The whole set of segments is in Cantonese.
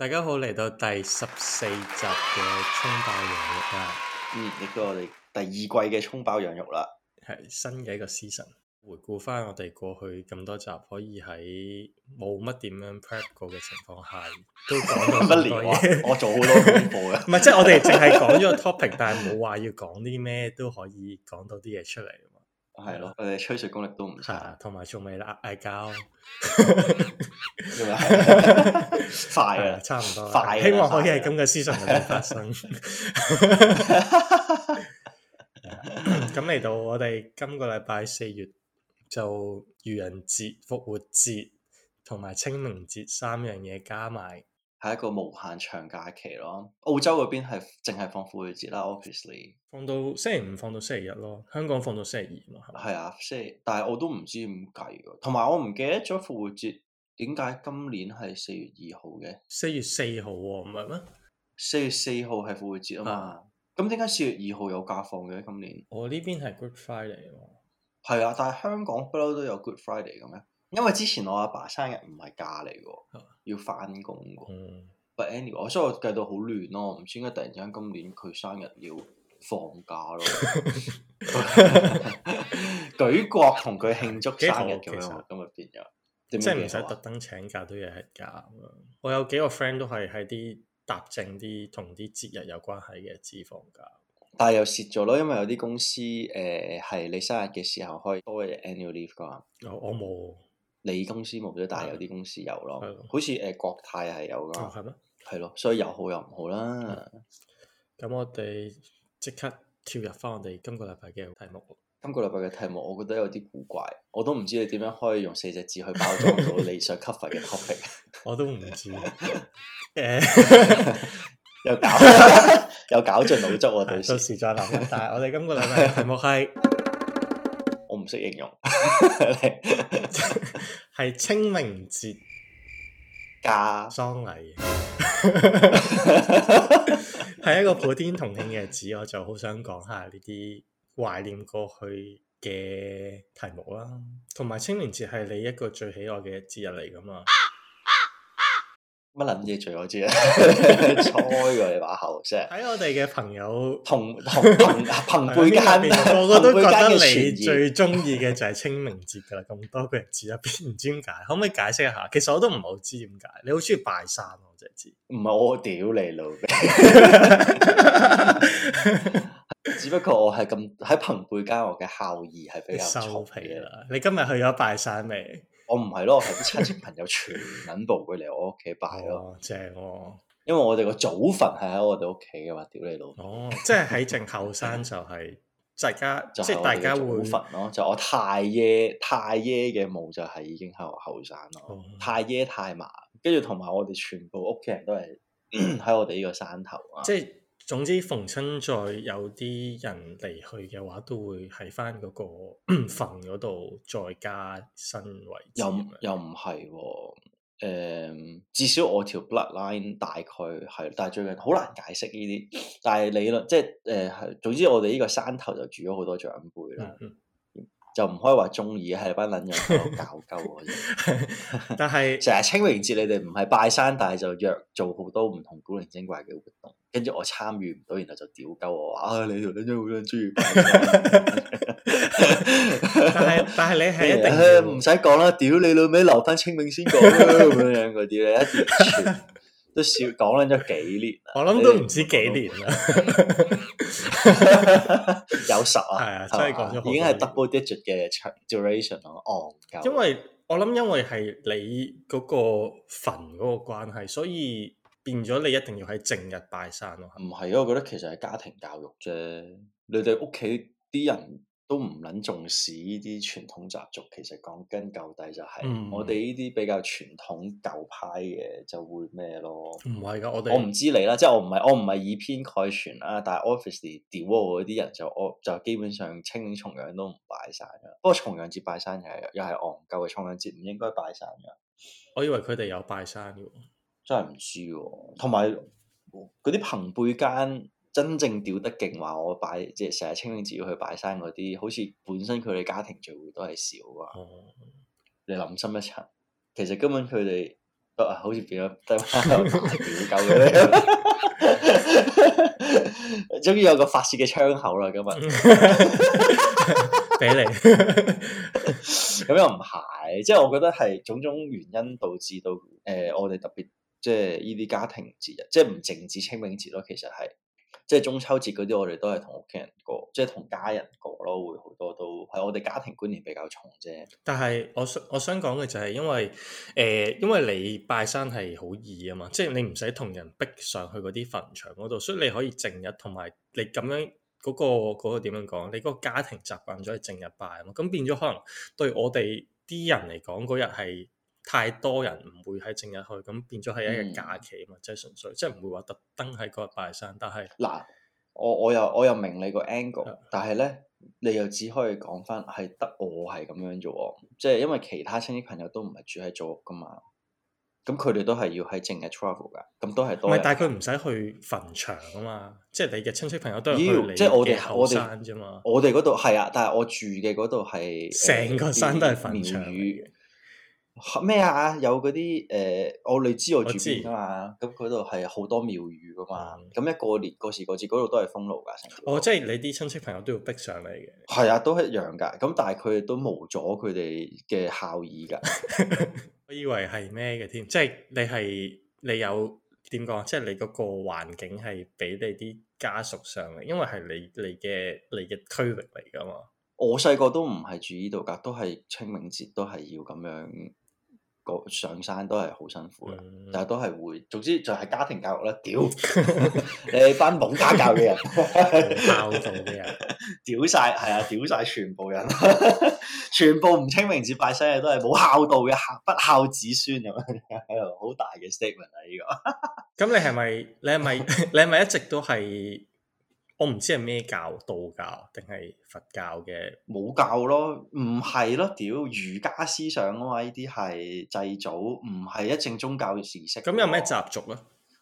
大家好，嚟到第十四集嘅蔥爆羊肉啦，嗯，亦都我哋第二季嘅蔥爆羊肉啦，係新嘅一個 season。回顧翻我哋過去咁多集，可以喺冇乜點樣 prep 過嘅情況下，都講到好多好多嘢。我做好多恐怖嘅 是，唔係即係我哋淨係講咗個 topic， 但係冇話要講啲咩都可以講到啲嘢出嚟。係咯， 我哋吹水功力都唔差，係同埋仲未嗌交，快啦， 差唔多， 希望可以喺今嘅思想度發生。咁 嚟、 嗯、到我哋今個禮拜四月就愚人節、復活節同埋清明節三樣嘢加埋。係一個無限長假期咯，澳洲嗰邊係淨係放復活節啦，obviously。放到星期五，放到星期日咯。香港放到星期二咯，係咪？係啊，星期。但係我都唔知點計喎。同埋我唔記得咗復活節點解今年係四月二號嘅。四月四號喎，唔係咩？四月四號係復活節啊嘛。咁點解四月二號有假放嘅今年？我呢邊係 Good Friday 喎。係啊，但係香港不嬲都有 Good Friday 嘅咩？因為之前我阿爸，爸生日唔係假嚟㗎，啊。 要翻工嘅，but annual，、anyway，我所以我計到好亂咯，唔知點解突然間今年佢生日要放假咯， 舉國同佢慶祝生日嘅時候，咁咪實變咗，即係唔使特登請假都有一假。我有幾個 friend 都係喺啲搭正啲同啲節日有關係嘅資放假，房但係又蝕咗咯，因為有啲公司誒係、呃、你生日嘅時候可以多嘅 annual leave 噶。我冇。你公司冇咗，但係有啲公司有咯。的好似誒、呃、國泰係有咯。係咩、哦？係咯，所以又好又唔好啦。咁、嗯、我哋即刻跳入翻我哋今個禮拜嘅題目。今個禮拜嘅題目，我覺得有啲古怪，我都唔知你點樣可以用四隻字去包裝到理想 cover 嘅 topic。 我都唔知。誒，又搞又搞盡腦汁喎！到 時再諗。但係我哋今個禮拜嘅題目係。 唔識形容，係 清明節，嫁家喪禮，係 一個普天同慶嘅日子。我就好想講下呢啲懷念過去嘅題目啦。同埋清明節係你一個最喜愛嘅節日嚟㗎嘛？啊乜諗嘢最好知啊？猜 嘅你把口真係喺我哋嘅朋友同同 朋朋輩間，個個 都覺得你最中意嘅就係清明節嘅啦。咁多個人節，又邊唔知點解？可唔可以解釋一下？其實我都唔好知點解。你好中意拜山我就係知。唔係我屌你老，只不過我係咁喺朋輩間，我嘅孝義係比較收皮啦。你今日去咗拜山未？我唔係咯，係啲親戚朋友全撚部會嚟我屋企拜咯。正哦， 因為我哋個祖墳係喺我哋屋企嘅話，屌你老。哦，即係喺正後山就係大家，就即係大家會墳咯。就我太爺太爺嘅墓就係已經喺我後山咯，哦、太爺太嫲，跟住同埋我哋全部屋企人都係喺 我哋呢個山頭啊。即總之逢親再有啲人離去嘅話，都會喺翻嗰個墳嗰度再加新位。又又唔係，誒、嗯，至少我條 bloodline 大概係，但係最近好難解釋呢啲。但係理論即係誒，係、呃、總之我哋呢個山頭就住咗好多長輩啦。嗯嗯就唔可以話中意嘅係班捻人搞鳩我，但係成日清明節你哋唔係拜山，但係就約做好多唔同古靈精怪嘅活動，跟住我參與唔到，然後就屌鳩我話啊你條捻仔好想拜山， 但係但係你係一定唔使講啦，屌、 哎哎、你老味留翻清明先講咁樣樣嗰啲咧。 都少講咗咁多年，我諗都唔知幾年啦，年有十啊，係啊吧，真係講咗，已經係 double digit 嘅 duration 咯。哦，因為，我諗因為係你嗰個墳嗰個關係，所以變咗你一定要喺正日拜山咯。唔係啊，我覺得其實係家庭教育啫，你哋屋企啲人。都唔撚重視呢啲傳統習俗，其實講緊舊底就係、是嗯、我哋呢啲比較傳統舊派嘅就會咩咯？唔係噶，我我唔知你啦，即係我唔係我唔係以偏概全啦、啊。但係 office 啲屌嗰啲人就我就基本上清，清明重陽都唔拜、啊、拜山噶、就是。不過重陽節拜山又係又係憨鳩嘅，重陽節唔應該拜山噶。我以為佢哋有拜山嘅，真係唔知喎、啊。同埋嗰啲朋輩間。真正屌得勁，話我擺即係成日清明節要去擺山嗰啲，好似本身佢哋家庭聚會都係少啊。嗯、你諗深一層，其實根本佢哋、啊，好似變咗得翻屌夠嘅咧。終、啊、於有個發洩嘅窗口啦，今日俾你。咁 又唔係，即係我覺得係種種原因導致到，誒、呃，我哋特別即係呢啲家庭節日，即係唔淨止清明節咯，其實係。即係中秋節嗰啲，我哋都係同屋企人過，即係同家人過咯，會好多都係我哋家庭觀念比較重啫。但係我想我想講嘅就係，因為誒、呃，因為你拜山係好易啊嘛，即係你唔使同人逼上去嗰啲墳場嗰度，所以你可以靜日同埋你咁樣嗰、嗰個嗰、嗰個點樣講，你嗰個家庭習慣咗係靜日拜咯，咁變咗可能對我哋啲人嚟講嗰日係。太多人唔會喺正日去，咁變咗係一個假期啊嘛，嗯、即係純粹，即係唔會話特登喺嗰日拜山。但係嗱，我我又我又明你個 angle，、嗯、但係咧，你又只可以講翻係得我係咁樣啫，即係因為其他親戚朋友都唔係住喺祖屋噶嘛，咁佢哋都係要喺正日 travel 噶，咁都係多。唔係，但係佢唔使去墳場啊嘛，即係你嘅親戚朋友都要嚟嘅後山啫嘛。我哋嗰度係啊，但係我住嘅嗰度係成個山都係墳場。咩啊？有嗰啲誒，我、呃、你知我住邊㗎嘛？咁嗰度係好多廟宇㗎嘛？咁一過年過時過節，嗰度都係封路㗎。哦，即係你啲親戚朋友都要逼上嚟嘅。係啊，都係一樣㗎。咁但係佢哋都冇咗佢哋嘅孝義㗎。 我以為係咩嘅添？即係你係你有點講？即係你嗰個環境係俾你啲家屬上嘅，因為係你你嘅你嘅區域嚟㗎嘛。我細個都唔係住呢度㗎，都係清明節都係要咁樣，上山都係好辛苦嘅，嗯、但係都係會，總之就係家庭教育啦。屌 你班懵家教嘅人，冇孝道嘅人，屌晒係啊，屌晒全部人， 全部唔清明節拜山嘅都係冇孝道嘅不孝子孫咁樣喺度，好大嘅 statement 啊！呢個咁你係咪你係咪你係咪一直都係？我唔知係咩教，道教定係佛教嘅？冇教咯，唔係咯，屌儒家思想啊嘛！呢啲係祭祖，唔係一正宗教嘅形式。咁有咩習俗咧？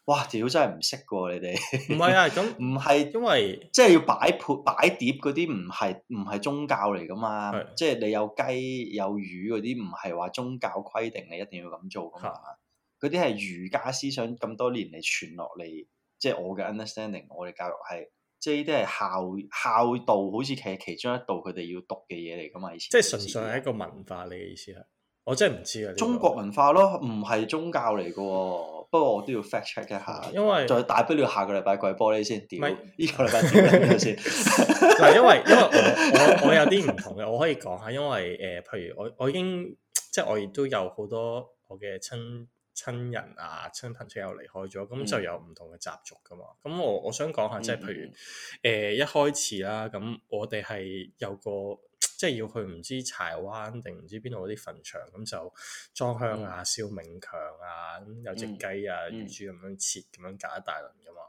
哇，屌真係唔識噶喎！你哋唔係啊，咁唔係因為即係、 就是、要擺盤擺碟嗰啲，唔係唔係宗教嚟噶嘛？即係的你有雞有魚嗰啲，唔係話宗教規定你一定要咁做噶嘛？嗰啲係儒家思想咁多年嚟傳落嚟，即係、就是、我嘅 understanding，我哋教育係。即係啲係孝孝道，好似其其中一道佢哋要讀嘅嘢嚟噶嘛？意思，即係純粹係一個文化。你嘅意思係，我真係唔知啊。中國文化咯，唔係宗教嚟嘅，不過我都要 fact check 一下。因為再大不了下個禮拜跪玻璃先，屌唔係，呢個禮拜先。嗱，因為因為我我，我有啲唔同嘅，我可以講下，因為誒、呃，譬如我我已經即係我亦都有好多我嘅親。親人啊，親朋戚友離開咗，咁就有唔同嘅習俗噶嘛。咁我我想講下，即係譬如誒一開始啦，咁我哋係有個即係要去唔知柴灣定唔知邊度嗰啲墳場，咁就裝香啊、燒冥鏹啊，咁有隻雞啊、魚豬咁樣切，咁樣搞一大輪噶嘛。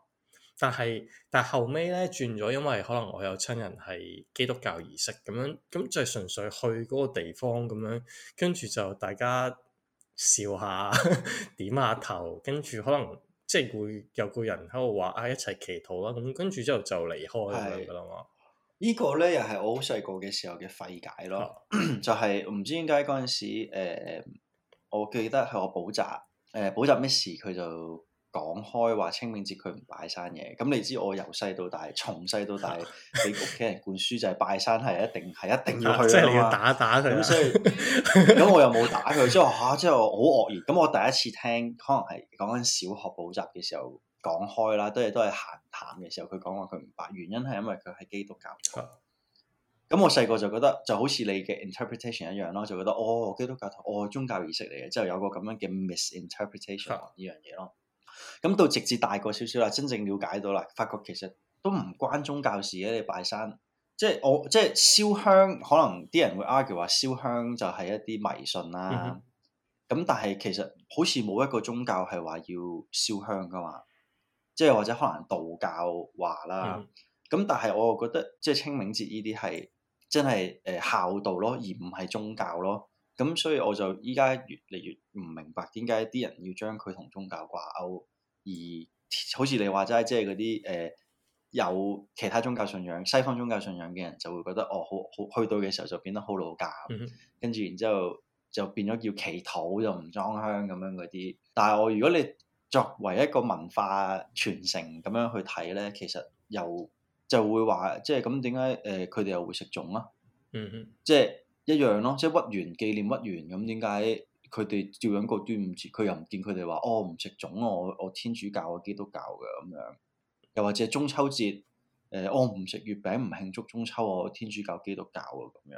但係但係後尾咧轉咗，因為可能我有親人係基督教儀式，咁樣咁就純粹去嗰個地方咁樣，跟住就大家。笑下， 點下頭，跟住可能即係、就是、會有個人喺度話啊，一齊祈禱啦咁，跟住之後就離開咁是樣噶咯。個呢個咧又係我好細個嘅時候嘅費解咯， 就係唔知點解嗰陣時誒、呃，我記得係我補習，誒補習咩事佢就。講開話清明節佢唔拜山嘢，咁你知我由細到大，從細到大俾屋企人灌輸就係、是、拜山係一定係一定要去 打打、嗯、即啊，你要打打佢。咁所以咁我又冇打佢，之後吓，之後好愕然。咁我第一次聽，可能係講緊小學補習嘅時候講開啦，都係都係閒談嘅時候，佢講話佢唔拜，原因係因為佢係基督教，教，教。咁 我細個就覺得就好似你嘅 interpretation 一樣咯，就覺得哦基督教同我、哦、宗教儀式嚟嘅，之後有個咁樣嘅 misinterpretation 呢樣嘢咯。 咁到直至大個少少啦，真正了解到啦，發覺其實都唔關宗教事嘅，你拜山，即係我即係燒香，可能啲人會 argue 話燒香就係一啲迷信啦。咁、嗯、哼但係其實好似冇一個宗教係話要燒香噶嘛，即係或者可能道教話啦。咁、嗯、哼但係我又覺得即係清明節呢啲係真係誒孝道咯，而唔係宗教咯。咁所以我就依家越嚟越唔明白點解啲人要將佢同宗教掛鈎。而好似你話齋，即係嗰啲誒有其他宗教信仰、西方宗教信仰嘅人就會覺得，哦，好好，好去到嘅時候就變得好老㗎，嗯哼，跟住然之後就變咗叫祈禱，又唔裝香咁樣嗰啲。但係我如果你作為一個文化傳承咁樣去睇咧，其實又就會話，即係咁點解誒佢哋又會食粽啊？嗯哼，即係一樣咯，即係屈原紀念屈原咁點解？佢哋照樣過端午節，佢又唔見佢哋話，哦，唔食粽，我我天主教啊基督教嘅咁樣，又或者中秋節誒，我唔食月餅，唔慶祝中秋，我天主教基督教啊咁樣，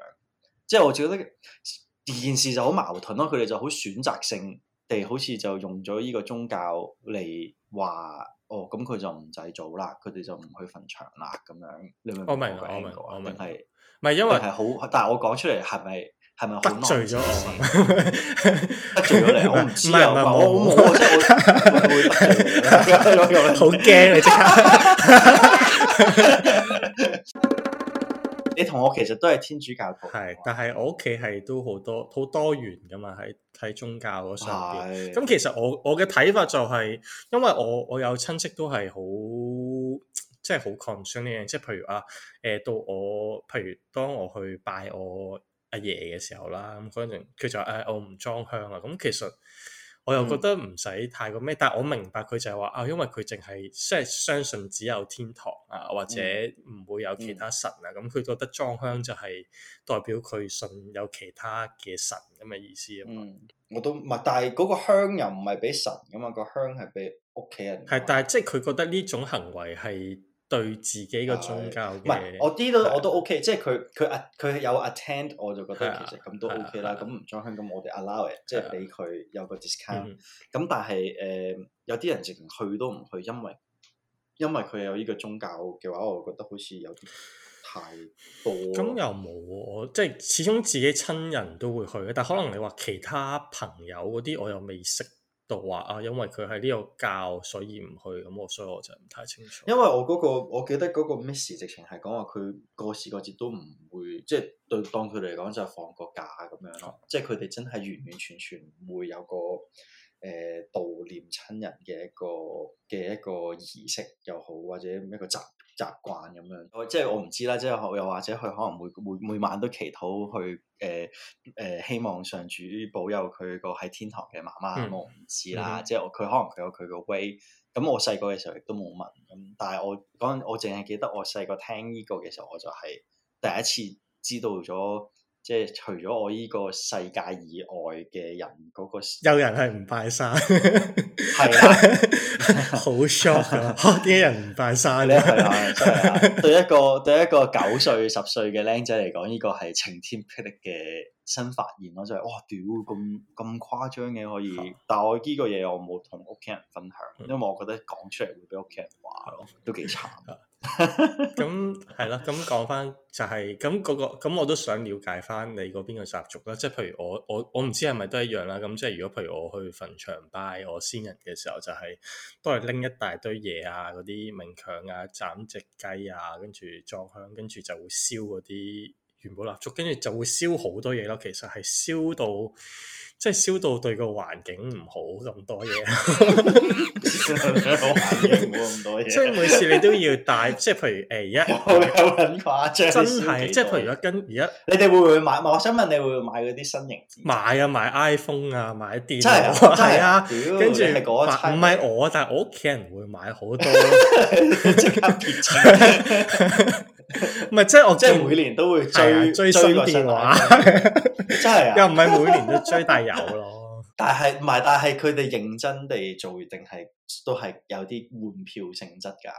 即係我覺得件事就好矛盾咯，佢哋就好選擇性地好似就用咗呢個宗教嚟話哦，咁佢就唔祭祖啦，佢哋就唔去墳場啦咁樣，你明唔明？我明我明我明，唔係係因為係好，但係我講出嚟係咪？係咪得罪咗我？ 得罪咗你，我唔知啊！唔係我冇，即係好驚你，即刻！你同我其實都係天主教徒，係，但係我屋企係都好多好多元噶嘛，喺喺宗教嗰上邊。咁是其實我我嘅睇法就係，因為我我有親戚都係好即係好 concern 呢樣，即係譬如啊，誒，到我，譬如當我，當我去拜，拜，拜我。阿爺嘅時候啦，咁嗰陣佢就誒我唔裝香啊，咁其實我又覺得唔使太過咩，嗯、但係我明白佢就係話啊，因為佢淨係即係相信只有天堂啊，或者唔會有其他神啊，咁佢、嗯嗯、覺得裝香就係代表佢信有其他嘅神咁嘅意思啊嘛、嗯。我都唔係，但係嗰個香又唔係俾神噶嘛，個香係俾屋企人。係，但係即係佢覺得呢種行為係。對自己個宗教，唔係、啊、我啲都我都 OK，即係佢佢啊佢有 attend 我就覺得其實咁都 OK 啦，咁唔、啊啊啊、再香咁我哋 allow it，、啊、即係俾佢有個 discount、嗯哼。咁但係誒、呃、有啲人直情去都唔去，因為因為佢有呢個宗教嘅話，我覺得好似有啲太多。咁又冇喎、啊，我即係始終自己親人都會去，但可能你話其他朋友嗰啲我又未識。就話啊，因為佢喺呢度教，所以唔去咁，我所以我就唔太清楚。因為我、嗰個我記得個個 Miss 直情係講話，佢過時過節都唔會，即係對當佢嚟講就係放個假咁樣咯。嗯、即係佢哋真係完完全全唔會有個誒、呃、悼念親人嘅一個嘅一個儀式又好，或者一個習。習慣咁樣，即係我唔知啦，即係又或者佢可能會每每，每晚都祈禱去誒誒，希望上主保佑佢個喺天堂嘅媽媽，我唔知啦。即係佢可能佢有佢個 way。咁我細個嘅時候亦都冇問，咁但係我嗰陣我淨係記得我細個聽呢個嘅時候，我就係第一次知道咗，即係除咗我呢個世界以外嘅人嗰，嗰個，有人係唔拜山，係 啦的。 好 shock，啲人唔拜山咧？係啊！對一個，對一個九歲十歲嘅僆仔嚟講，呢個係晴天霹靂嘅新發現咯，就係哇屌咁咁誇張嘅可以，但我呢個嘢我冇同屋企人分享，因為我覺得講出嚟，會俾屋企人話咯，都幾慘。咁係咯，咁講翻就係咁嗰個，咁我都想了解翻你嗰邊嘅習俗啦。即係譬如我我我唔知係咪都一樣啦。咁即係如果譬如我去墳場拜我先人嘅時候，就係。都係拎一大堆嘢啊，嗰啲明強啊，斬隻雞啊，跟住裝香，跟住就會燒嗰啲元寶蠟燭，跟住就會燒好多嘢咯、啊。其實係燒到～即係燒到對個環境唔好咁多嘢，即係每次你都要帶，即係譬如誒一，我有揾誇張，真係，即係譬如一跟而家，你哋會唔會買，我想問你會唔會買嗰啲新型？買啊，買 iPhone 啊，買電腦，係啊，跟住唔係我，但係我屋企人會買好多，即 刻撇 唔係，即係、 就是、我即係每年都會追、啊、追新電話，真係 又唔係每年都追大有咯。但係唔係，但係佢哋認真地做定係都係有啲換票性質㗎。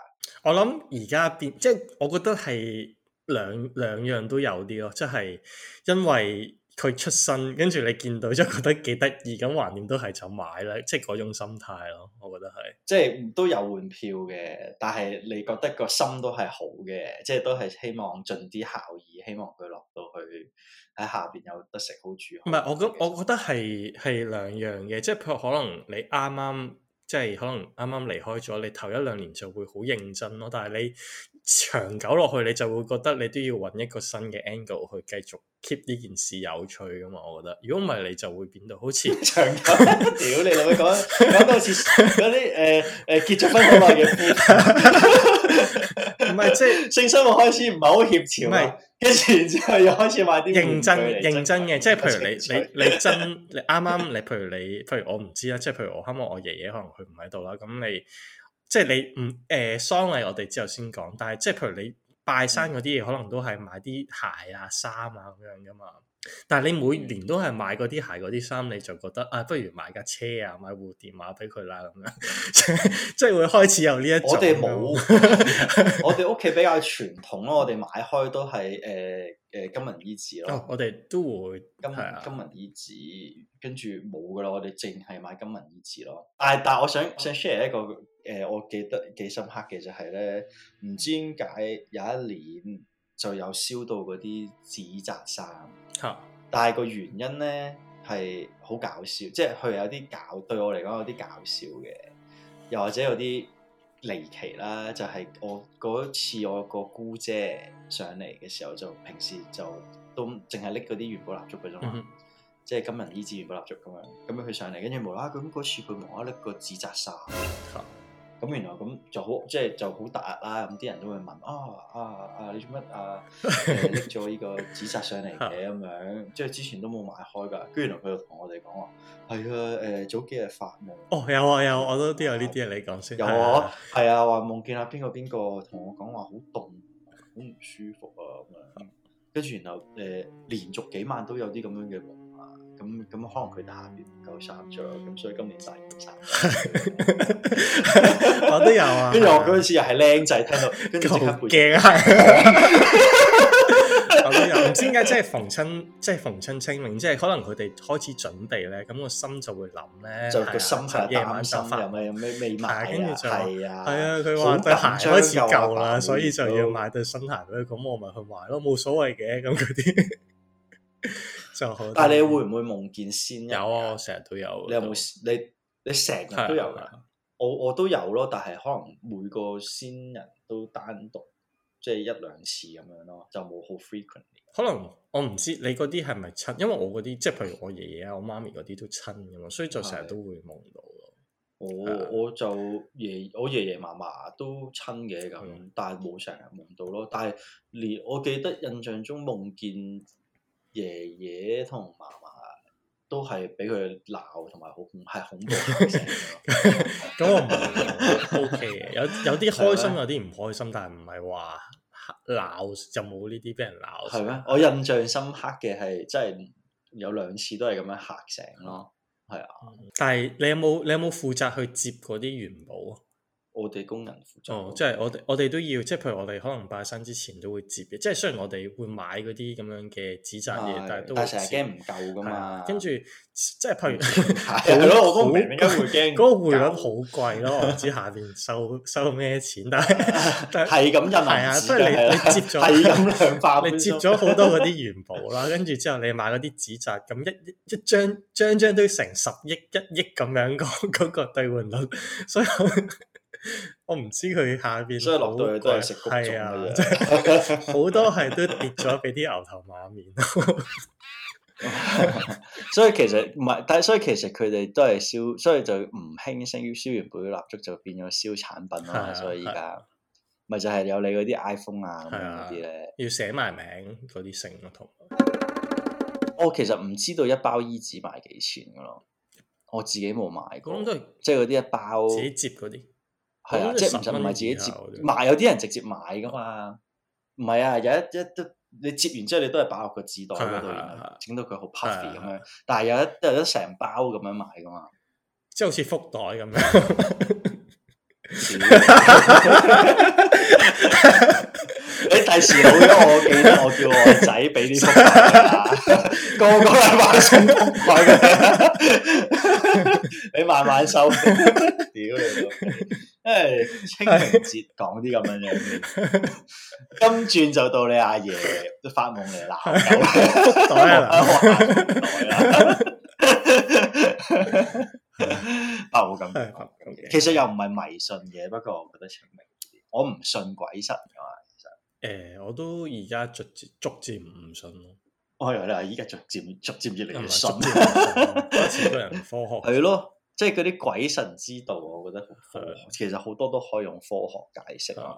我諗而家變，即、就、係、是、我覺得係兩兩樣都有啲咯，即、就、係、是、因為。佢出身，跟住你見到就覺得幾得意，咁橫掂都係就買喇，即係嗰種心態咯。我覺得係，即係都有換票嘅，但係你覺得個心都係好嘅，即係都係希望盡啲孝義，希望佢落到去喺下邊有得食好住。唔係不，我咁我覺得係係兩樣嘅，即係譬如啱啱、即係、可能你啱啱即係可能啱啱離開咗，你頭一兩年就會好認真咯，但係你。長久落去，你就會覺得你都要揾一個新嘅 angle 去繼續 keep 呢件事有趣噶嘛？我覺得，如果唔係，你就會變到好似 長久，屌你，同佢講講到好似嗰啲誒誒結咗婚好耐嘅夫，唔 係即係性生活開始唔係好協調，跟住是然之後又開始買啲認真，真認真嘅，真真即係譬如你情趣 你你，你真你啱啱 你，你，譬如你譬如我唔知啦，即係譬如我啱啱我爺爺可能佢唔喺度啦，咁你。即係你唔誒喪禮我哋之後先講，但係即係譬如你拜山嗰啲嘢，可能都係買啲鞋啊、衫啊咁樣噶嘛。但係你每年都係買嗰啲鞋，啊、嗰啲衫，你就覺得啊，不如買架車啊，買部電話俾佢啦咁樣， 即係會開始有呢一種我 我。我哋冇，我哋屋企比較傳統咯，我哋買開都係誒誒金銀衣紙咯。我哋都會金金銀衣紙，的跟住冇噶咯，我哋淨係買金銀衣紙咯。但係但係我想想 share 一個。誒、呃，我記得幾深刻嘅就係咧，唔知點解有一年就有燒到嗰啲紙紮衫。啊、但係個原因咧係好搞笑，即係佢有啲搞對我嚟講有啲搞笑嘅，又或者有啲離奇啦。就係、是、我嗰次我個姑姐上嚟嘅時候就，就平時就都淨係拎嗰啲元寶蠟燭嘅啫嘛，嗯、哼即係金銀紙元寶蠟燭咁樣咁樣佢上嚟，跟住無啦咁嗰次佢無啦拎個紙紮衫。啊啊咁、嗯、原來咁就好，即係就好突兀啦。咁啲人都會問啊啊啊，你做乜啊拎咗呢個紙紮上嚟嘅咁樣？即係之前都冇買開㗎，居然佢就同我哋講話係啊誒早幾日發夢哦，有啊有，我都都有呢啲嘢。你講、嗯、先有啊，係 啊，話夢見啊邊個邊個同我講話好凍，好唔舒服啊咁樣，跟住然後誒、呃、連續幾晚都有啲咁樣嘅。咁咁可能佢打完唔夠衫着，咁所以今年戴唔到衫。我都有啊，跟住我嗰陣時又係僆仔，聽到跟住即刻驚。我都有，唔知點解即係逢親即係逢親清明，即係可能佢哋開始準備咧，咁個心就會諗咧，就個心就夜晚心發，又咪咩未乜，跟住就係啊，係啊，佢話對鞋開始舊啦，所以就要買對新鞋咧。咁我咪去買咯，冇所謂嘅咁嗰啲。 就好多，但係你會唔會夢見先人？有啊，我成日都有。你有冇？你你成日都有噶？的我我都有咯，但係可能每個先人都單獨，即係一兩次咁樣咯，就冇好 frequently 可能我唔知你嗰啲係咪親，因為我嗰啲即係譬如我爺爺啊、我媽咪嗰啲都親噶嘛，所以就成日都會夢到咯。我、嗯、我就爺我爺爺嫲嫲都親嘅咁樣，但係冇成日夢到咯。但係連我記得印象中夢見。爺爺同嫲嫲都係俾佢鬧，同埋好恐係恐怖咁 我唔 OK 嘅，有有啲開心，有啲唔開心，嗎但係唔係話鬧就冇呢啲俾人鬧。係咩嗎？對我印象深刻嘅係真係有兩次都係咁樣嚇醒咯。係啊，嗯、但係你有冇你有冇負責去接嗰啲元寶啊？我哋工人負責。哦，即係我哋，我哋都要，即係譬如我哋可能拜山之前都會接嘅，即係雖然我哋會買嗰啲咁樣嘅紙扎嘢，哎、但係都成驚唔夠噶嘛。跟住即係譬如係啊，係咯，我都明。嗰個匯嗰個匯率好貴咯，唔知下邊收收咩錢，但係係咁就係啊，所以你你接咗係咁量化，你接咗好多嗰啲元寶啦，跟住之後你買嗰啲紙紮，咁一一張張張都要成十億一億咁樣個嗰個兌換率， 所以。我唔知佢下邊，所以落到去都係食谷種啊，好、就是、多係都跌咗俾啲牛頭馬面 所。所以其實唔係，但係所以其實佢哋都係燒，所以就唔興勝於燒完杯蠟燭就變咗燒產品啦。啊啊、所以而家咪就係有你嗰啲 iPhone 啊，咁樣嗰啲咧，呢要寫埋名嗰啲剩同我其實唔知道一包衣紙賣幾錢噶咯，我自己冇買過，即係嗰啲一包自己折啲。係啦， 啊、即係唔使唔係自己接賣，有啲人直接買噶嘛。唔係啊，有一一你接完之後，你都係擺落個紙袋嗰度，整到佢好 puffy 咁樣。但係有一有啲成包咁樣買噶嘛，即係好似福袋咁樣。 你第時老咗，我記得我叫我仔俾啲福袋，個個都買送福袋俾你。你慢慢收，屌你！因為 清明節講啲咁樣嘢， 今轉就到你阿爺都發夢嚟鬧，啦，代啦，咁其實又唔係迷信嘅，不過我覺得清明節，我唔信鬼神啊，其實，誒、欸，我都而家逐漸逐漸唔信咯。係啦，依家逐漸逐漸越嚟越信，。 多似個人科學，係咯。對〇即係嗰啲鬼神之道，我覺得其實好多都可以用科學解釋啊。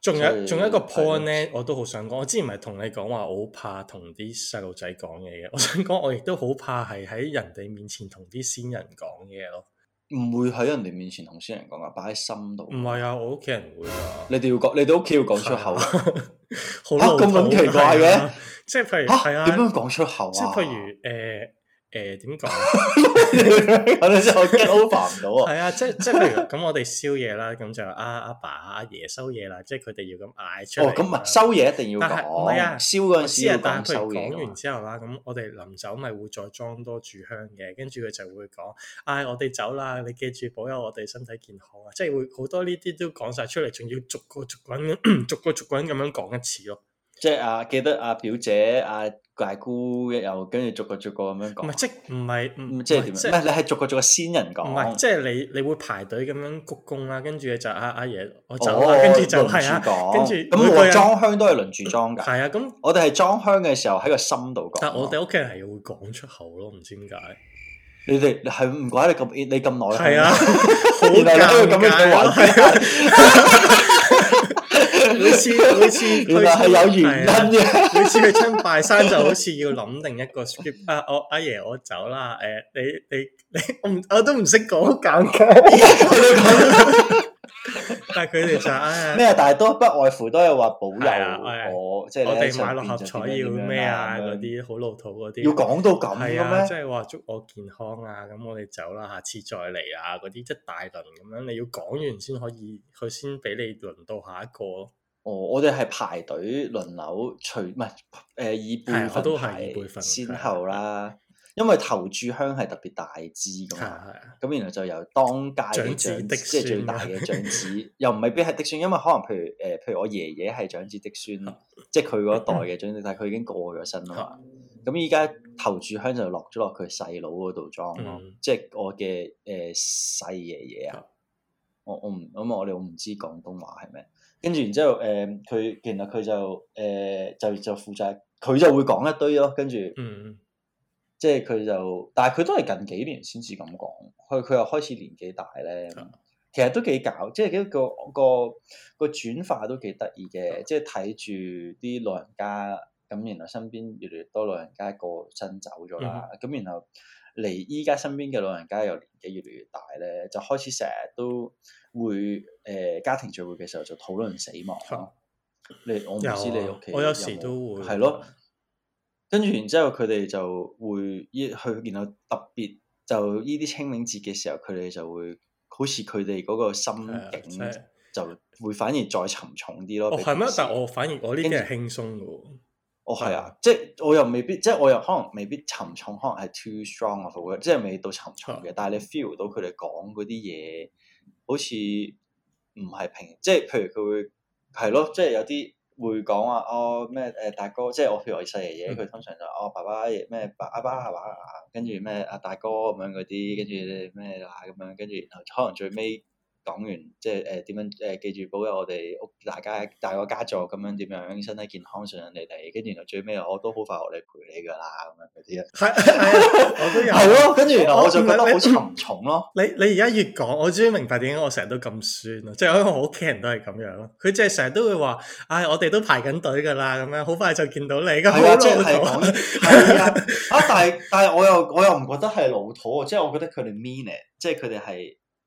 仲有仲有一個 point 咧，我都好想講。我之前咪同你講話，我好怕同啲細路仔講嘢嘅。我想講，我亦都好怕係喺人哋面前同啲先人講嘢咯。唔會喺人哋面前同先人講啊，擺喺心度。唔係啊，我屋企人會。你哋要講，你哋屋企要講出口。好咁樣奇怪嘅，即係譬如，係啊，點樣講出口啊？即係譬如，誒誒，點講？ 我真係 get over 唔到啊！係 啊，即係即係，譬如咁，我哋燒嘢啦，咁就阿阿爸阿爺收嘢啦，即係佢哋要咁嗌出嚟。哦。哦，咁、嗯、收嘢一定要但講，唔係啊，燒嗰陣時啊，但係佢講完之後啦，咁、啊啊、我哋臨走咪會再裝多柱香嘅，跟住佢就會講：，唉、哎，我哋走啦，你記住保佑我哋身體健康啊！即係會好多呢啲都講晒出嚟，仲要逐個逐滾、 逐個逐滾咁樣講一次咯。即係阿記得阿表姐阿大姑又跟住逐個逐個咁樣講，唔係即係唔係唔即係點樣？唔係你係逐個逐個先人講，唔係即係你你會排隊咁樣鞠躬啦，跟住就阿阿爺我走啦，跟住就係啊，跟住咁我裝香都係輪住裝噶，係啊，咁我哋係裝香嘅時候喺個心度講，但係我哋屋企人係會講出口咯，唔知點解你哋係唔怪你咁你咁耐係啊，好尷尬。每次每次佢話係有原因嘅，啊、 每次佢出拜山就好似要諗另一個 script、啊啊啊啊。啊，我阿爺我走啦。誒，你你你，我唔我都唔識講假嘅。但係佢哋就咩？但係都不外乎都係話保佑啊。哦我，即係我哋買六合彩要咩啊？嗰啲好老土嗰啲。要講到咁嘅咩？即係話祝我健康啊！咁我哋走啦，啊，下次再嚟啊！嗰啲即係大輪咁樣，你要講完先可以，佢先俾你輪到下一個。哦，我哋係排隊輪流，除唔係誒以輩分排先後啦。因為頭炷香係特別大支噶嘛，咁然後就由當家嘅長子，即係最大嘅長子，又唔係必係嫡孫，因為可能譬如誒，譬如我爺爺係長子嫡孫咯，即係佢嗰代嘅長子，但係佢已經過咗身啦嘛。咁依家頭炷香就落咗落佢細佬嗰度裝咯，即係我嘅誒細爺爺啊。我我唔咁我哋我唔知廣東話係咩？跟住然之後，誒佢其實佢就誒、呃、就就負責，佢就會講一堆咯。跟住，嗯，即係佢就，但係佢都係近幾年先至咁講，佢佢又開始年紀大咧。其實都幾搞，即係一個個個轉化都幾得意嘅，嗯、即係睇住啲老人家咁，然後身邊越嚟越多老人家過身走咗啦，咁、嗯、然後。嚟依家身邊嘅老人家又年紀越嚟越大咧，就開始成日都會誒、呃、家庭聚會嘅時候就討論死亡、啊、我你我唔知你屋企我有時都會係咯。跟住、嗯、然之後佢哋就會依去，然後特別就呢啲清明節嘅時候，佢哋就會好似佢哋嗰個心境就會反而再沉重啲咯。係咩、啊就是哦？但我反而我呢啲係輕鬆嘅。哦，係啊，即係我又未必，即係我又可能未必沉重，可能係 too strong 好嘅，即係未到沉重嘅，mm hmm. 但係你 feel 到佢哋講嗰啲嘢好似唔係平，即係譬如佢會係咯，即係有啲會講啊，哦咩誒、呃、大哥，即係我譬如我細爺爺，佢、mm hmm. 通常就哦爸爸咩爸阿爸係嘛，跟住咩阿大哥咁樣嗰啲，跟住咩咁樣，跟住然後可能最尾。講完即係誒，點、呃、樣誒、呃？記住保佑我哋屋大家大個家族咁樣點樣身體健康上，順順利利。跟住然後最尾我都好快我嚟陪你噶啦咁樣嗰啲。係係，我都有。係咯、 嗯，跟住然後我就覺得好你沉重咯。你你而家越講，我終於明白點解我成日都咁酸咯。即、就、係、是、我屋企人都係咁樣咯。佢即係成日都會話，唉、哎，我哋都排緊隊噶啦，咁樣好快就見到你噶。係即係係講咧。係 啊，啊，啊，啊，啊，但係但係我又我又唔覺得係老土即係我覺得佢哋 mean 即係佢哋係。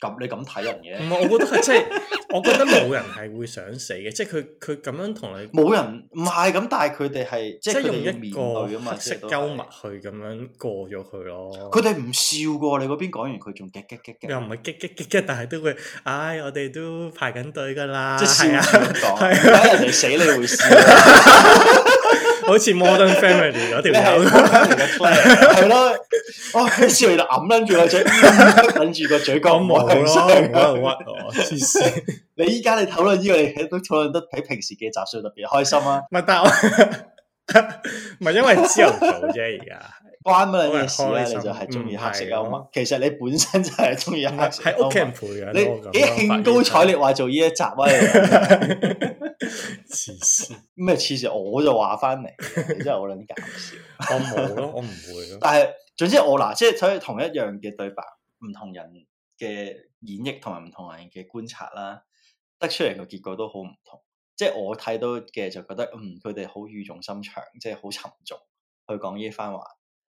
咁你咁睇人嘅？唔 係，我覺得係即係，我覺得冇人係會想死嘅。即係佢佢咁樣同你冇人，唔係咁，但係佢哋係即係用一個黑色幽默去咁樣過咗佢咯。佢哋唔笑過你嗰邊講完佢仲激激激激。刺刺刺又唔係激激激激，但係都會，唉、哎，我哋都排緊隊嘅啦。即係笑咁講，如是、啊、 人哋死，你會笑。 好似 Modern Family 嗰條戲，係咯、 哎，哎、我笑就揞撚住個嘴，揞住個嘴角 好屈，黐線你依家你討論呢個，你都討論得比平時嘅集數特別開心啊！唔係得，唔係因為自由啫，而家關乜嘢事咧？你就係中意黑色啊嘛？其實你本身就係中意黑色，係屋企人陪嘅，你幾興高采烈話做呢一集啊！黐線，咩黐線？我就話翻嚟，你真係好撚搞笑！我冇咯，我唔會咯。但係總之我嗱，即係睇住同一樣嘅對白，唔同人。嘅演繹同埋唔同人嘅觀察啦，得出嚟嘅結果都好唔同。即係我睇到嘅就覺得，嗯，佢哋好語重心長，即係好沉重去講呢番話。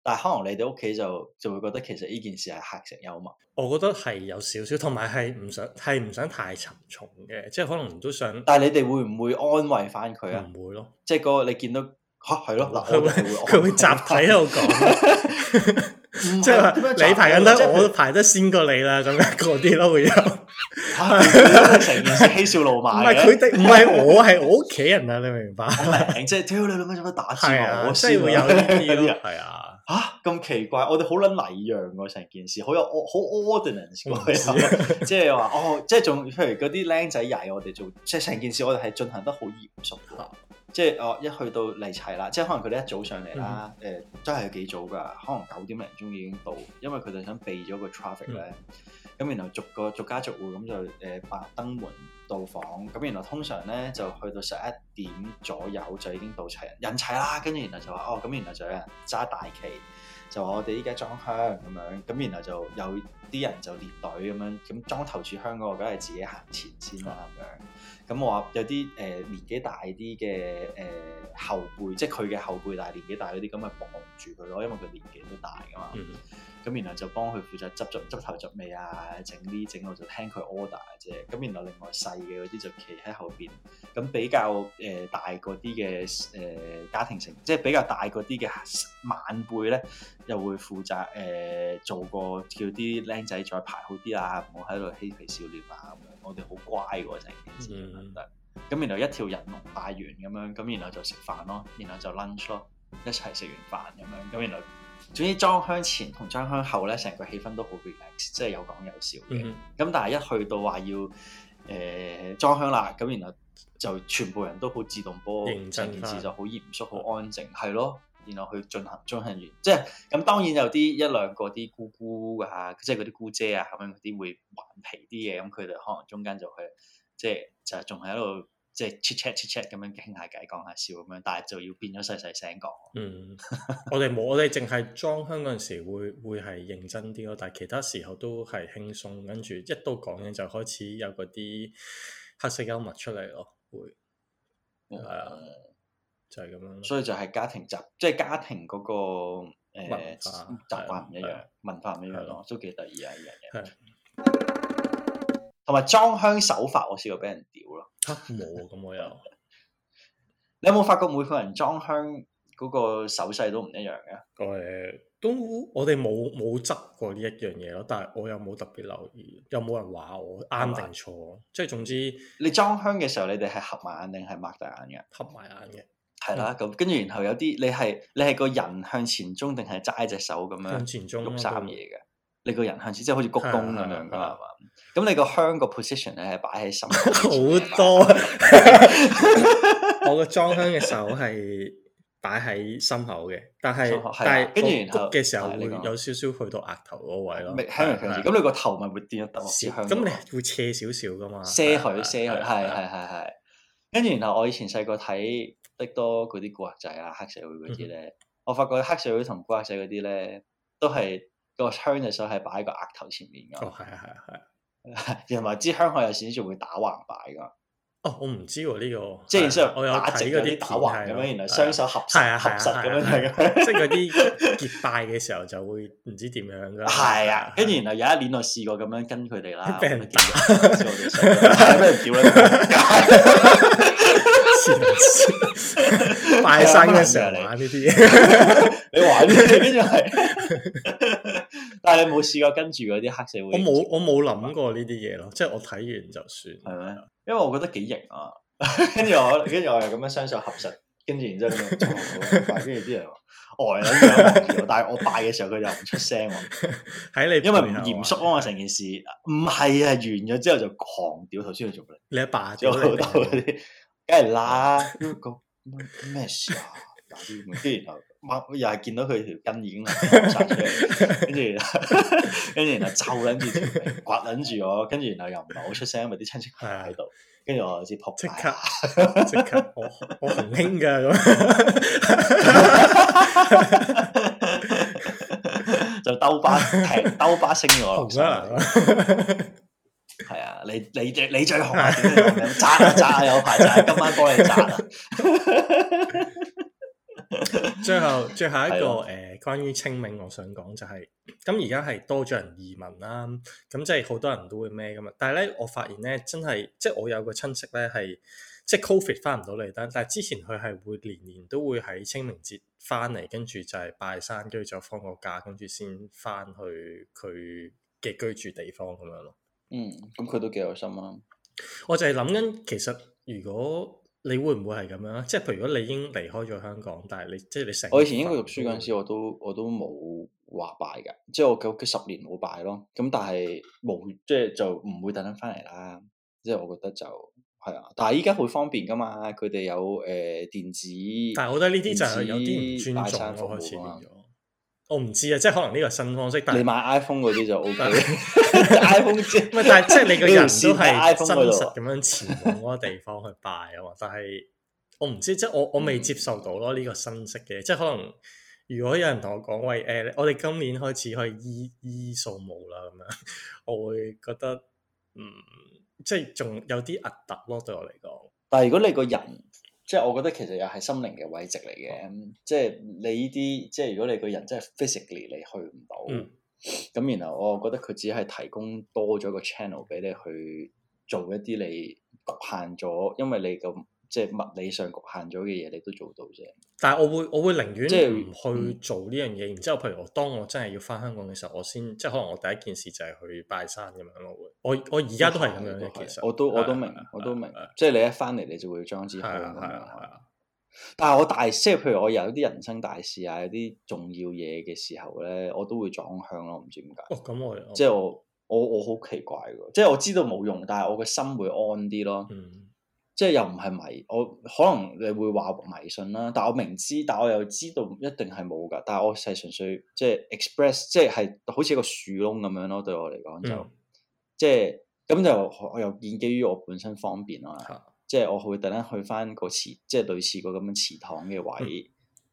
但係可能你哋屋企就就會覺得，其實呢件事係黑色幽默。我覺得係有少少，同埋係唔想係唔想太沉重嘅，即係可能都想。但係你哋會唔會安慰翻佢啊？唔會咯，即係嗰個你見到。吓係咯，佢會佢會集體喺度講，即係話你排緊得，我排得先過你啦，咁樣嗰啲咯，咁樣成件事嬉笑怒罵。唔係佢哋，唔係我，係我屋企人啊！你明白？唔係，即係屌你老味做乜打住我先會有呢啲啊？係啊，吓咁奇怪！我哋好捻禮讓噶成件事，好有好 orderness，嗰啲，即係話哦，即係仲譬如嗰啲僆仔曳我哋做，即係成件事我哋係進行得好嚴肅。即係哦，一去到嚟齊啦，即係可能佢哋一早上嚟啦，誒、嗯呃、真係幾早㗎，可能九點零鐘已經到，因為佢哋想避咗個 traffic 咧、嗯。咁然後逐個逐家逐戶咁就誒白登門到訪，咁然後通常咧就去到十一點左右就已經到齊人，人齊啦，跟住然後就話哦，咁然後就有人揸大旗，就話我哋依家裝香咁樣，咁然後就有啲人就列隊咁樣，咁裝頭柱香嗰個梗係自己行前先啦咁樣。嗯咁我話有啲誒、呃、年紀大啲嘅誒後輩，即係佢嘅後輩大，但係年紀大嗰啲咁咪綁住佢望住佢咯，因為佢年紀都大㗎嘛。咁、嗯、然後就幫佢負責執足執頭執尾啊，整啲整，我就聽佢 order 啫。咁然後另外細嘅嗰啲就企喺後邊。咁比較誒、呃、大嗰啲嘅誒家庭成，即係比較大嗰啲嘅晚輩咧，又會負責誒、呃、做個叫啲僆仔再排好啲啊，唔好喺度嬉皮笑臉啊咁。我哋好乖喎，成件事咁得，咁然後一條人龍拜完咁樣，咁然後就食飯咯，然後就 lunch 咯，一齊食完飯咁樣，咁然後，然後，然後總之裝香前同裝香後咧，成個氣氛都好 relax，即係有講有笑嘅，咁但係一去到話要誒裝、呃、香啦，咁然後就全部人都好自動波，成件事就好嚴肅、好安靜，係咯。然後去進行裝香完，即係咁當然有啲一兩個啲姑姑啊，即係嗰啲姑姐啊咁樣啲會頑皮啲嘢，咁佢哋可能中間就去即係就係仲喺度即係 chat chat chat 咁樣傾下偈、講下笑咁樣，但係就要變咗細細聲講。嗯，我哋冇，我哋淨係裝香嗰陣時候會會係認真啲咯，但係其他時候都係輕鬆，跟住一到講嘢就開始有嗰啲黑色幽默出嚟咯，會係、嗯 uh, 就係噉囉，所以就係家庭習，即係家庭嗰個誒習慣唔一樣，文化唔一樣咯，都幾得意啊一樣嘢。同埋裝香手法，我試過俾人屌咯。冇咁我又，你有冇發覺每個人裝香嗰個手勢都唔一樣嘅？誒，都我哋冇冇執過呢一樣嘢咯，但係我又冇特別留意，有冇人話我啱定錯？即係總之，你裝香嘅時候，你哋係合埋眼定係擘大眼嘅？合埋眼嘅。係啦，咁跟住，然後有啲你係你係個人向前中，定係揸一隻手咁樣，喐三嘢嘅。你個人向前，即係好似鞠躬咁樣噶嘛？咁你個香個 position 咧係擺喺心口，好多。我個裝香嘅手係擺喺心口嘅，但係但係跟住然後嘅時候會有少少去到額頭嗰位咯。香完平時咁，你個頭咪會掂一咁你會斜少少噶嘛？些許些許，係係係係。跟住然後我以前細個睇。的多嗰啲古惑仔啊，黑社會嗰啲咧，我發覺黑社會同古惑仔嗰啲咧，都係個槍嘅手係擺喺個額頭前面㗎。係啊係啊係啊！原唔知香港有少少會打橫擺㗎。哦，我唔知喎呢個。即係然我有睇嗰啲打橫咁樣，然後雙手合實合實咁樣嚟，即係嗰啲結拜嘅時候就會唔知點樣㗎。係啊，跟住然後有一年我試過咁樣跟佢哋啦。咩叫咩叫？拜山嘅時候，嚟玩呢啲嘢，你玩呢啲跟住係，但係你冇試過跟住嗰啲黑社會。我冇，我冇諗過呢啲嘢咯，即係我睇完就算。係咩？因為我覺得幾型啊，跟住我，跟住我又咁樣雙手合十，跟住然之後咁樣做，跟住啲人呆諗住，但係我拜嘅時候佢又唔出聲喎。喺你，因為唔嚴肅啊嘛，成件事唔係啊，完咗之後就狂屌，頭先去做你你阿爸啲。梗係啦，咩、那個、事啊？跟住，跟住然後，又係見到佢條筋已經啦，跟住，跟住然後就捻住條，刮捻住我，跟住然後又唔係好出聲，因為啲親戚喺度，跟住我就即仆街，即刻，即刻我，我我洪興噶咁， 就兜巴踢，兜巴升咗落嚟。你你最你最紅炸點點點，賺 啊賺有排賺。今晚過嚟炸。 最後最後一個誒的、呃，關於清明，我想講就係、是，咁而家係多咗人移民啦，咁即係好多人都會孭㗎嘛。但係咧，我發現咧，真係即係我有個親戚咧，係即係 Covid 翻唔到嚟，但係之前佢係會年年都會喺清明節翻嚟，跟住就係拜山，跟住就放個假，跟住先翻去佢嘅居住地方咁樣咯。嗯，咁佢都幾有心啊！我就係諗緊，其實如果你會唔會係咁樣咧？即係，譬如如果你已經離開咗香港，但係你即係你成我以前英國讀書嗰陣時，我都我都冇話拜噶，即係我九十年冇拜咯。咁但係冇，即係就唔會突然間翻嚟啦。即係我覺得就係啊，但係依家好方便噶嘛，佢哋有誒、呃、電子，但係我覺得呢啲就係有啲唔尊重啊。嗯、我唔知啊，即係可能呢個新方式，但係你買 iPhone 嗰啲就 OK。 i 但係即係你個人都係真實咁樣前往嗰個地方去拜啊嘛。但係我唔知，即係我我未接受到咯呢個新式嘅，嗯、即係可能如果有人同我講喂，誒、呃，我哋今年開始可以依依掃墓啦咁樣，我會覺得嗯，即係仲有啲核突咯對我嚟講。但係如果你個人，即係我覺得其實又係心靈嘅慰藉嚟嘅，即係你呢啲，即係如果你個人真係 physically 你去唔到。嗯咁然後我覺得佢只係提供多咗個 channel 俾你去做一啲你局限咗，因為你嘅即係物理上局限咗嘅嘢，你都做到啫。但係我會，我會寧願唔去做呢樣嘢。然之後，譬如我當我真係要翻香港嘅時候，我先即係可能我第一件事就係去拜山咁樣咯。會我我而家都係咁樣嘅其實，我都我都明，我都明，即係你一翻嚟你就會裝置好咁樣。但係我大，即係譬如我有啲人生大事啊，有啲重要嘢嘅時候咧，我都會撞香咯，唔知點解。咁、哦、我即係我我我好奇怪嘅，即係我知道冇用，但係我嘅心會安啲咯。嗯、即係又唔係迷，我可能你會話迷信啦，但我明知，但係我又知道一定係冇噶，但係我係純粹即係 express，即係好似個樹窿咁樣咯，對我嚟講、嗯、就即係咁就我又建基於我本身方便咯。嗯即係我會突然去翻個祠，即係類似個咁嘅祠堂嘅位，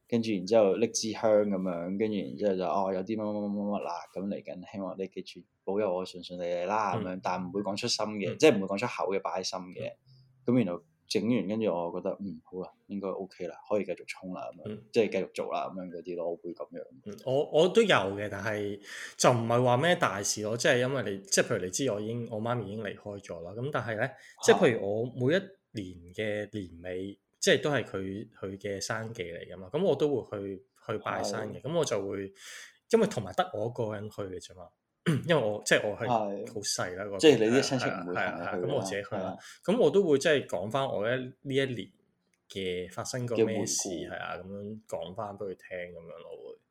跟住然之後搦支香咁樣，跟住然之後就哦有啲乜乜乜乜乜啦咁嚟緊，希望你記住保佑我順順利利啦咁樣，但係唔會講出心嘅，即係唔會講出口嘅擺喺心嘅。咁然後整完跟住我覺得嗯好啦，應該 OK 啦，可以繼續衝啦咁樣，即係繼續做啦咁樣嗰啲咯，我會咁樣。我我都有嘅，但係就唔係話咩大事咯，即係因為你即係譬如你知我已經我媽咪已經離開咗啦，咁但係咧，即係譬如我每一年嘅年尾，即係都係佢佢嘅生忌嚟噶嘛，咁我都會去去拜山嘅，咁我就會，因為同埋得我一個人去嘅啫嘛，因為我即係我係好細啦，即係你啲親戚唔會係啊，咁我自己去啦，咁我都會即係講翻我一呢一年嘅發生過咩事係啊，咁樣講翻俾佢聽咁樣咯會。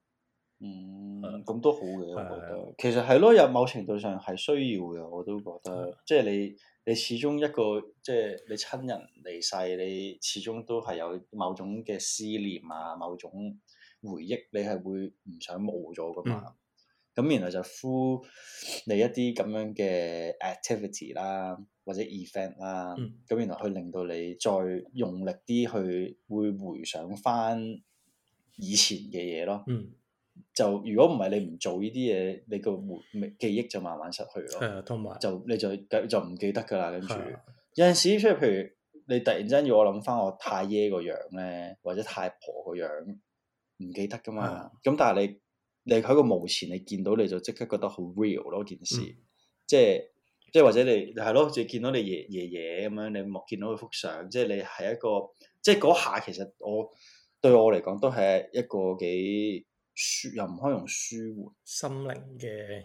嗯，咁、嗯、都好嘅，的我覺得其實係咯，有某程度上係需要嘅，我都覺得，的即係你你始終一個，即係你親人離世，你始終都係有某種嘅思念啊，某種回憶，你係會唔想冇咗㗎嘛？咁然後就呼你一啲咁樣嘅 activity 啦，或者 event 啦，咁然後去令到你再用力啲去，會回想返以前嘅嘢咯。嗯就如果唔係你唔做呢啲嘢，你個回記憶就慢慢失去咯。係啊的，同埋就你就就唔記得噶啦。跟住的有陣時，即係譬如你突然之間要我諗翻我太爺個樣咧，或者太婆個樣，唔記得噶嘛。咁的但係你你喺個墓前你見到你就即刻覺得好 real 咯。件事，嗯、即係即係或者你係咯，就見到你爺爺爺咁樣，你望見到佢幅相，即係你係一個即係嗰下，其實我對我嚟講都係一個幾。舒又唔可以用舒緩心靈嘅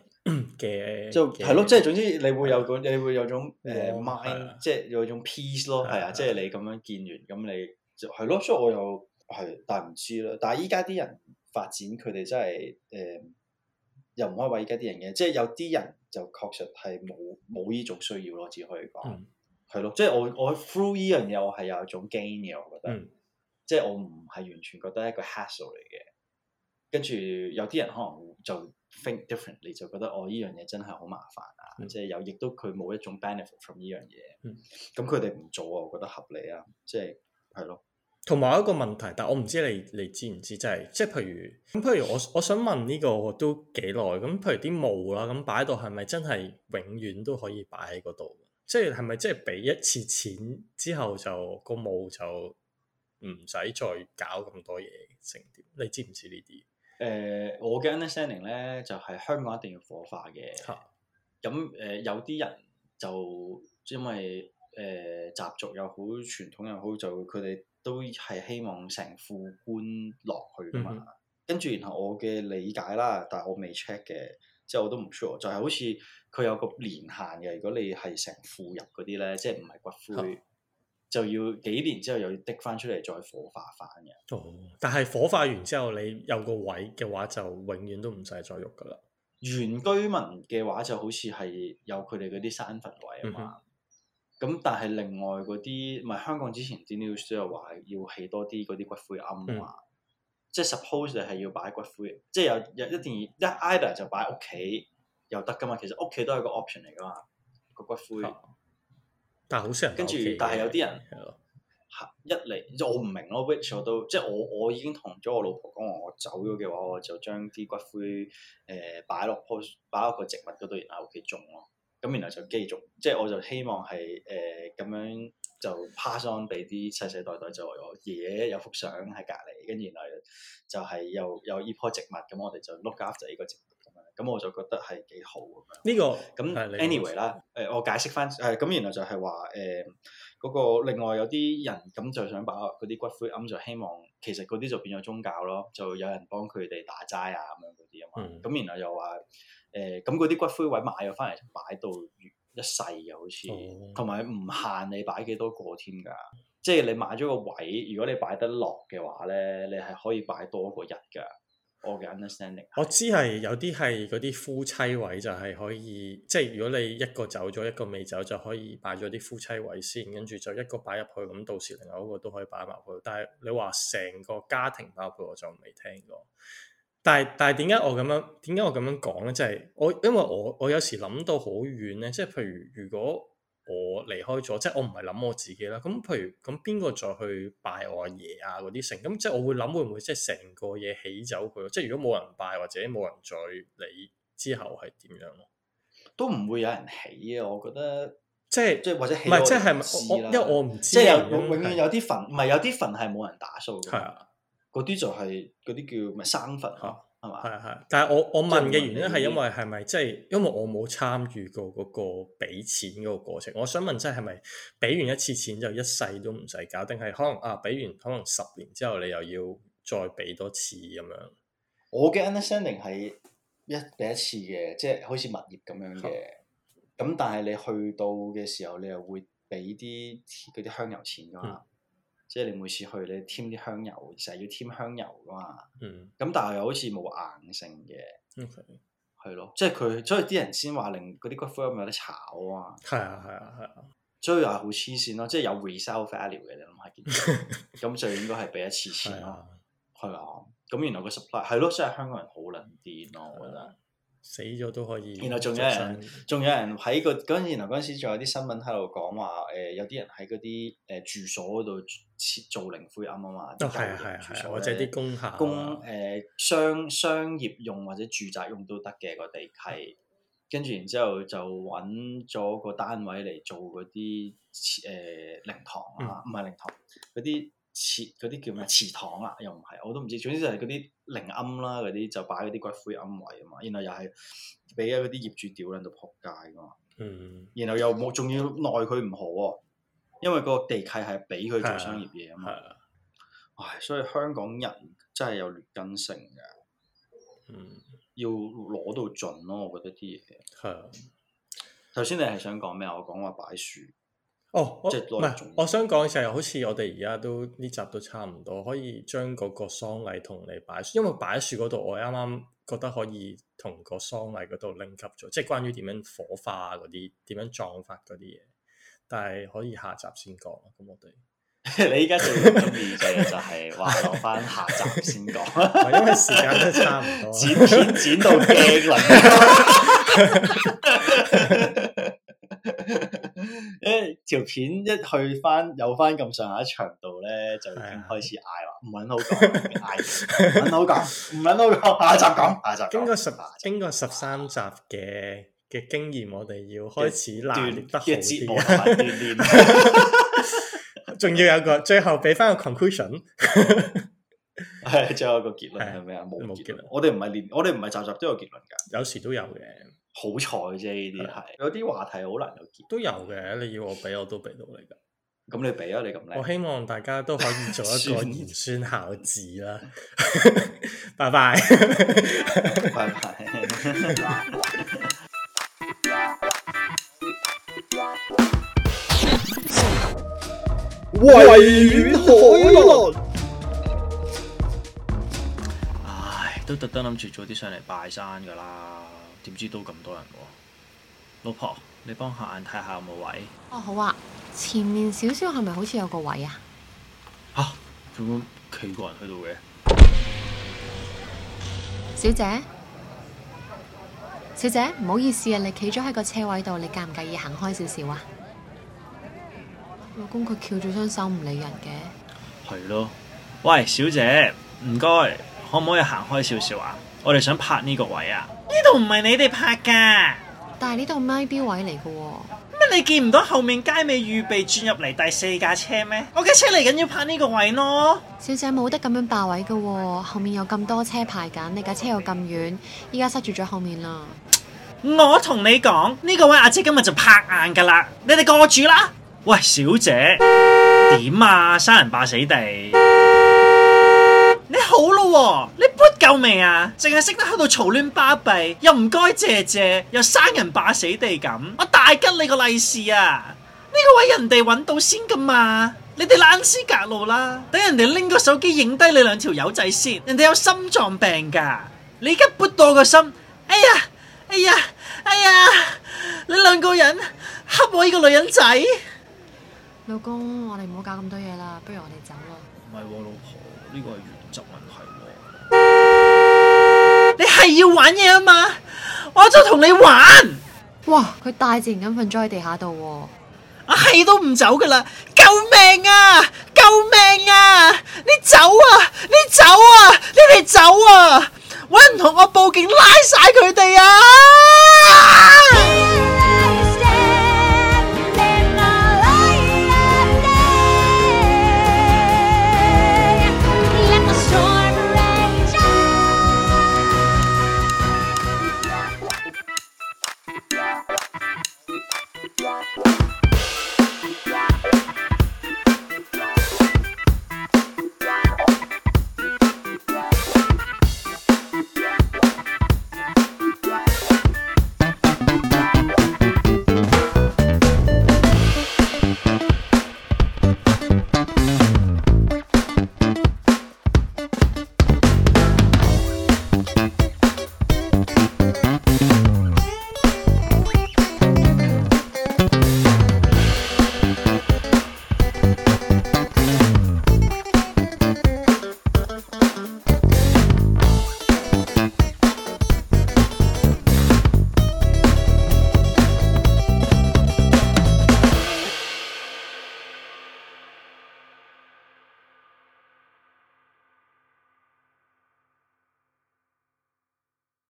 嘅，就係咯，即係總之你會有個你會有種誒 mind，即係有一種 peace 咯，係啊，即係你咁樣見完咁你就係咯，所以我又係但係唔知啦。但係依家啲人發展，佢哋真係誒又唔可以話依家啲人嘅，即係有啲人就確實係冇冇呢種需要咯，只可以講係咯。即係我我 through 呢樣嘢，我係有一種 gain 嘅，我覺得即係我唔係完全覺得一個 hassle 嚟嘅。跟住有啲人可能就 think differently，就覺得哦呢樣嘢真係好麻煩啊，即係、嗯、有，亦都佢冇一種 benefit from 呢樣嘢。咁佢哋唔做啊，我覺得合理啊，即係係咯。同埋有一個問題，但我唔知你你知唔知，即係即係譬如咁，譬如我我想問呢個都幾耐？咁譬如啲霧啦，咁擺到係咪真係永遠都可以擺喺嗰度？即係係咪即係俾一次錢之後就個霧就唔使再搞咁多嘢成點？你知唔知呢啲？誒、呃，我嘅 understanding 咧就係、是、香港一定要火化嘅。咁誒、啊嗯呃，有啲人就因為誒習俗又好，傳統又好，就佢哋都係希望成副棺落去噶嘛。跟住、嗯、哼然後我嘅理解啦，但係我未 check 嘅，即係我都唔 sure，就係、是、好似佢有個年限嘅，如果你係成副入嗰啲咧，即係唔係骨灰。啊就要幾年之後又要滴翻出嚟再火化翻嘅。哦，但係火化完之後你有個位嘅話，就永遠都唔使再喐噶啦。原居民嘅話就好似係有佢哋嗰啲山墳位啊嘛。咁、嗯、哼但係另外嗰啲，唔係香港之前 news 都有話要起多啲嗰啲骨灰庵嘛。嗯、即係 suppose 係要擺骨灰，即係有有一定 either 就擺屋企又得噶嘛。其實屋企都係個 option 嚟噶嘛，個骨灰。嗯但係好少人、OK、跟住，但係有啲人係一嚟，即我唔明咯。Which 我都即係我，我已經同咗我老婆講話，我走咗嘅話，我就將啲骨灰誒擺落棵擺落個植物嗰度，然後屋企種咯。咁原來就繼續，即係我就希望係誒咁樣就 pass on 俾啲世世代代就爺爺有，有幅相喺隔離，跟住然後就係有又依棵植物，咁我哋就 look after 就依個植物。咁我就覺得係幾好咁樣。呢、這個咁 anyway 啦，誒 any、啊、我解釋翻誒咁然後就係話誒嗰個另外有啲人咁就想把嗰啲骨灰咁就希望其實嗰啲就變咗宗教咯，就有人幫佢哋打齋啊咁樣嗰啲啊嘛。咁、嗯、然後又話誒咁嗰啲骨灰位買咗翻嚟擺到一世又好似同埋唔限你擺幾多個添㗎。即係你買咗個位，如果你擺得落嘅話咧，你係可以擺多個日㗎。我嘅 understanding，我知係有啲係嗰啲夫妻位就係可以，即係如果你一個走咗，一個未走，就可以擺咗啲夫妻位先，跟住就一個擺入去，咁到時另外一個都可以擺埋去。但係你話成個家庭包括，我就未聽過。但係但係，點解我咁樣？點解我咁樣講咧？即係我因為我我有時諗到好遠咧，即係譬如如果。我離開咗，即係我唔係諗我自己啦。咁譬如咁，邊個再去拜我阿爺啊嗰啲成？咁即係我會諗會唔會即係成個嘢起走佢？即係如果冇人拜或者冇人再理之後係點樣咯？都唔會有人起啊！我覺得即係即係或者起？唔係即係因為我唔知。即係有永遠有啲墳，唔係有啲墳係冇人打掃嘅。係啊，嗰啲就係嗰啲叫咪生墳嚇。係啊係，但係我我問嘅原因係因為係咪即係因為我冇參與過嗰個俾錢嗰個過程，我想問即係係咪俾完一次錢就一世都唔使搞？定係可能啊俾完可能十年之後你又要再俾多次咁樣？我嘅 understanding 係一俾一次嘅，即係好似物業咁樣嘅。咁但係你去到嘅時候，你又會俾啲嗰啲香油錢㗎嘛。嗯即係你每次去你添啲香油，成日要添香油噶嘛。咁、嗯、但係又好似冇硬性嘅，係 Okay. 咯。即係佢，所以啲人先話令嗰啲骨灰有得炒啊。係啊係啊係啊，啊啊所以話好黐線咯。即係有 resale value 嘅，你諗係點？咁就應該係俾一次錢咯。係啊。係咁原來個 supply 係咯，所以香港人好撚癲咯、啊，我覺得。死咗都可以，然後仲有人，仲上有人喺個嗰陣，然後嗰陣時仲有啲新聞喺度講話，誒、呃、有啲人喺嗰啲誒住所嗰度設做靈灰庵啊嘛，或者啲工廈公誒、呃、商商業用或者住宅用都得嘅個地契，跟住、嗯、然之後就揾咗個單位嚟做嗰啲誒靈堂啊，唔係靈堂，嗰啲祠啲叫咩祠堂啊，又唔係，我都唔知，總之就係嗰啲。靈龕啦嗰啲就擺嗰啲骨灰龕位啊嘛，然後又係俾咗嗰啲業主屌喺度撲街㗎嘛，嗯、然後又冇，仲要奈佢唔好喎、啊，因為嗰個地契係俾佢做商業嘢啊嘛，啊啊唉，所以香港人真係有劣根性嘅，嗯，要攞到盡咯，我覺得啲嘢。係。頭先你係想講咩啊？我講話擺樹。哦，唔係，我想講嘅時候，好似我哋而家都呢集都差唔多，可以將嗰個喪禮同你擺，因為擺樹嗰度我啱啱覺得可以同個喪禮嗰度拎及咗，即係關於點樣火化嗰啲、點樣葬法嗰啲嘢，但係可以下集先講咁我哋， 你依家最唔中意嘅就係話留翻下集先講， 因為時間都差唔多， 剪片剪，剪，剪到驚啦。 條片一去翻有翻咁上下一場度咧，就已經開始嗌喇。唔穩好講，嗌唔穩好講，唔穩好講，下集講，下集。經過十經過十三集嘅嘅經驗，我哋要開始練得好啲，嘅結尾，鍛煉。仲要有個最後俾翻個 conclusion，係，最後一個結論係咩啊？冇結論。我哋唔係練我哋唔係集集都有結論噶，有時都有嘅。好彩啫，呢啲係有啲話題好難有結，都有嘅。你要我俾我都俾到你噶，咁你俾啊！你咁叻，我希望大家都可以做一個言 bye bye bye bye. Bye bye. 孫孝子啦。拜拜，拜拜。喂遠海倫，唉，都特登諗住早啲上嚟拜山噶啦。點知都咁多人喎，啊？老婆，你幫下眼睇下有冇位。哦好啊，前面少少係咪好似有個位啊？啊，做乜企個人喺度嘅。小姐，小姐，唔好意思啊，你企咗喺個車位度，你介唔介意行開少少啊？老公佢翹住雙手唔理人嘅。係咯，喂，小姐，唔該，可唔可以行開少少啊？我哋想拍呢個位啊！呢度唔係你哋拍噶，但係呢度咪標位嚟噶喎。乜你見唔到後面街尾預備轉入嚟第四架車咩？我架車嚟緊要拍呢個位咯。小姐冇得咁樣霸位噶喎，後面有咁多車排緊，你架車又咁遠，依家塞住咗後面啦。我同你講，呢個位阿姐今日就拍硬噶啦，你哋過我住啦。喂，小姐，點啊？生人霸死地，你好咯喎。救命啊！淨係識得喺度嘈亂巴閉，又唔該謝謝，又生人霸死地咁，我大吉你個利是啊！呢、這個位人哋揾到先噶嘛，你哋冷屍隔路啦，等人哋拎個手機影低你兩條友仔先，人哋有心臟病噶，你而家撥到個心，哎呀，哎呀，哎呀，你兩個人恰我呢個女人仔，老公，我哋唔好搞咁多嘢啦，不如我哋走囉。唔係、啊，老婆呢、這個你係要玩嘢啊嘛，我就同你玩。哇！佢大自然咁瞓咗喺地下度，我係、啊、都唔走㗎喇！救命啊！救命啊！你走啊！你走啊！你哋走啊！揾人同我報警拉晒佢哋啊！